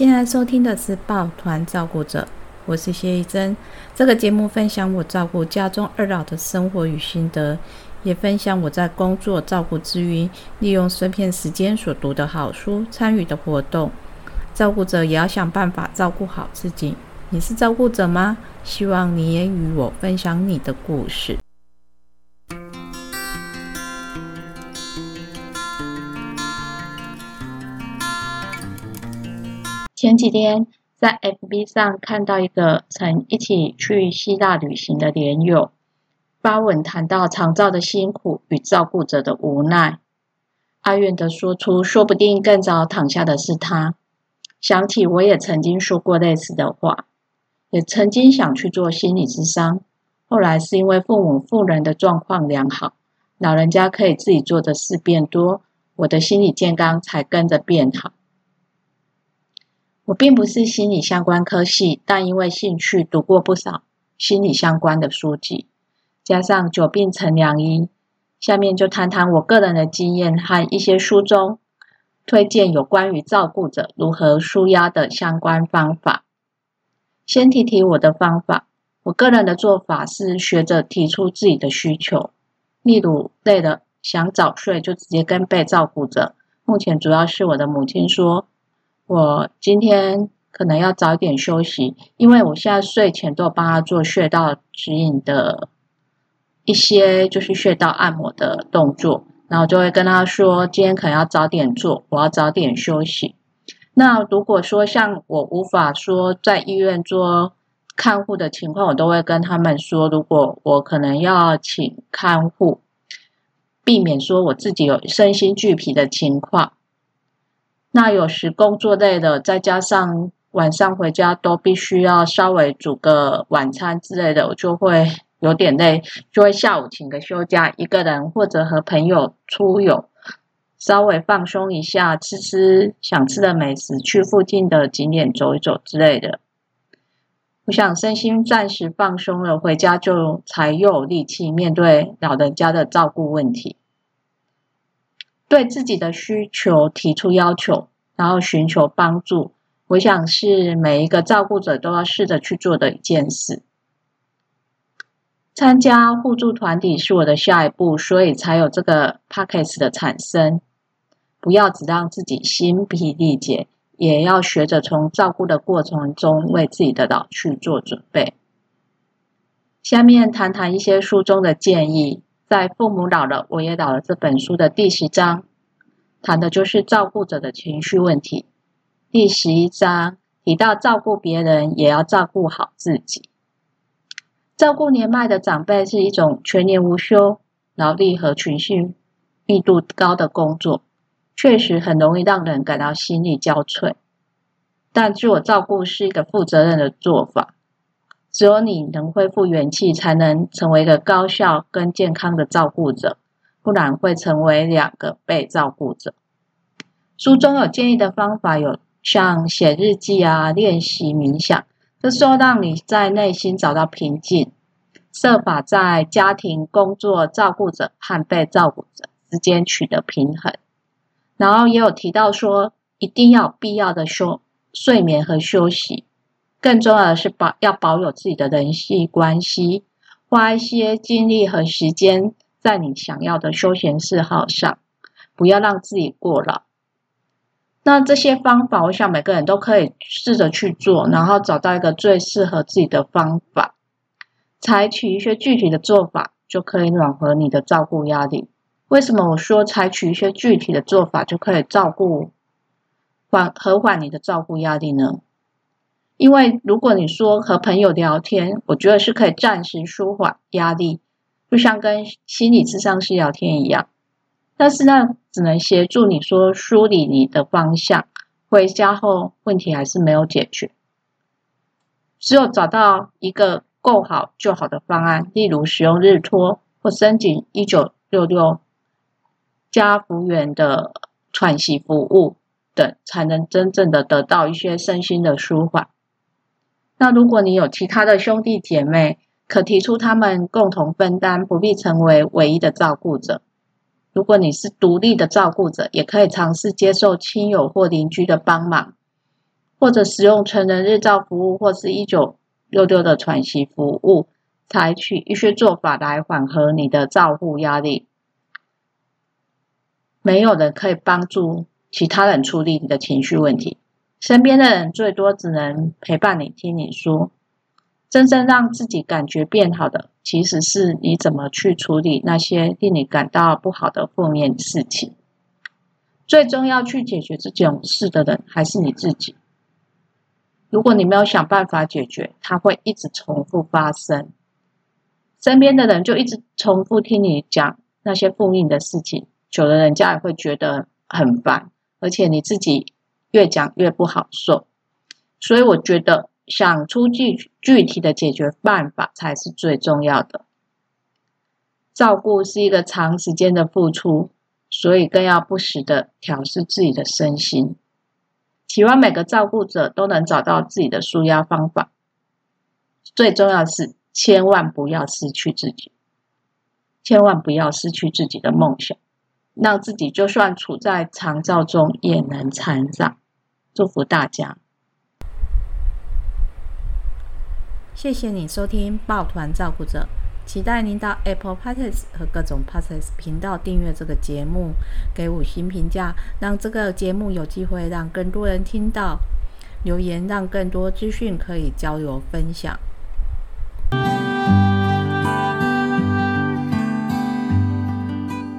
現在收聽的是《抱團照顧者》，我是謝一珍。這個節目分享我照顧家中二老的生活與心得，也分享我在工作照顧之餘，利用碎片時間所讀的好書、參與的活動。照顧者也要想辦法照顧好自己。你是照顧者嗎？希望你也與我分享你的故事。前幾天在 FB 上看到一個曾一起去希臘旅行的蓮友，發文談到長照的辛苦與照顧者的無奈，哀怨的說出：“說不定更早躺下的是他。”想起我也曾經說過類似的話，也曾經想去做心理諮商，後來是因為父母、婦人的狀況良好，老人家可以自己做的事變多，我的心理健康才跟着變好。我並不是心理相關科系，但因為興趣讀過不少心理相關的書籍，加上久病成良醫，下面就談談我個人的經驗和一些書中推薦有關於照顧者如何舒壓的相關方法。先提提我的方法，我個人的做法是學着提出自己的需求，例如累了，想早睡，就直接跟被照顧者。目前主要是我的母親說。我今天可能要早一點休息，因為我現在睡前都有幫他做穴道指引的一些，就是穴道按摩的動作。然後就會跟他說，今天可能要早點做，我要早點休息。那如果說像我無法說在醫院做看護的情況，我都會跟他們說，如果我可能要請看護，避免說我自己有身心俱疲的情況。那有時工作累了，再加上晚上回家都必須要稍微煮個晚餐之類的，我就會有點累，就會下午請個休假，一個人或者和朋友出遊，稍微放鬆一下，吃吃想吃的美食，去附近的景點走一走之類的。我想身心暫時放鬆了，回家就才有力氣面對老人家的照顧問題。對自己的需求提出要求，然後尋求幫助，我想是每一個照顧者都要試着去做的一件事。參加互助團體是我的下一步，所以才有這個 podcast 的產生。不要只讓自己心疲力竭，也要學着從照顧的過程中為自己的老去做準備。下面談談一些書中的建議。在父母老了，我也老了這本書的第十章，談的就是照顧者的情緒問題。第十一章提到，照顧別人也要照顧好自己。照顧年邁的長輩是一種全年無休、勞力和情緒密度高的工作，確實很容易讓人感到心力交瘁。但自我照顧是一個負責任的做法。只有你能恢復元氣，才能成為一個高效跟健康的照顧者，不然會成為兩個被照顧者。書中有建議的方法有，有像寫日記啊、練習冥想，就是說讓你在內心找到平靜，設法在家庭、工作、照顧者和被照顧者之間取得平衡。然後也有提到說，一定要必要的休睡眠和休息。更重要的是保要保有自己的人際關係，花一些精力和時間在你想要的休閒嗜好上，不要讓自己過勞。那這些方法，我想每個人都可以試着去做，然後找到一個最適合自己的方法，採取一些具體的做法，就可以緩和你的照顧壓力。為什麼我說採取一些具體的做法就可以照顧緩和緩你的照顧壓力呢？因為如果你說和朋友聊天，我覺得是可以暫時舒緩壓力，就像跟心理諮商師聊天一樣。但是呢，只能協助你說梳理你的方向。回家後問題還是沒有解決，只有找到一個夠好就好的方案，例如使用日托或申請一九六六家服員的喘息服務等，才能真正的得到一些身心的舒緩。那如果你有其他的兄弟姐妹，可提出他們共同分擔，不必成為唯一的照顧者。如果你是獨立的照顧者，也可以嘗試接受親友或鄰居的幫忙，或者使用成人日照服務或是1966的喘息服務，採取一些做法來緩和你的照顧壓力。沒有人可以幫助其他人處理你的情緒問題。身邊的人最多只能陪伴你、聽你說，真正讓自己感覺變好的，其實是你怎麼去處理那些令你感到不好的負面事情。最終要去解決這種事的人還是你自己。如果你沒有想辦法解決，它會一直重複發生。身邊的人就一直重複聽你講那些負面的事情，久了人家也會覺得很煩，而且你自己。越講越不好受，所以我覺得想出具具體的解決辦法才是最重要的。照顧是一個長時間的付出，所以更要不時的調試自己的身心。希望每個照顧者都能找到自己的舒壓方法。最重要的是千萬不要失去自己，千萬不要失去自己的夢想。讓自己就算處在長照中也能成長，祝福大家！謝謝你收聽《抱團照顧者》，期待您到 Apple Podcasts 和各種 Podcast 頻道訂閱這個節目，給五星評價，讓這個節目有機會讓更多人聽到，留言讓更多資訊可以交流分享。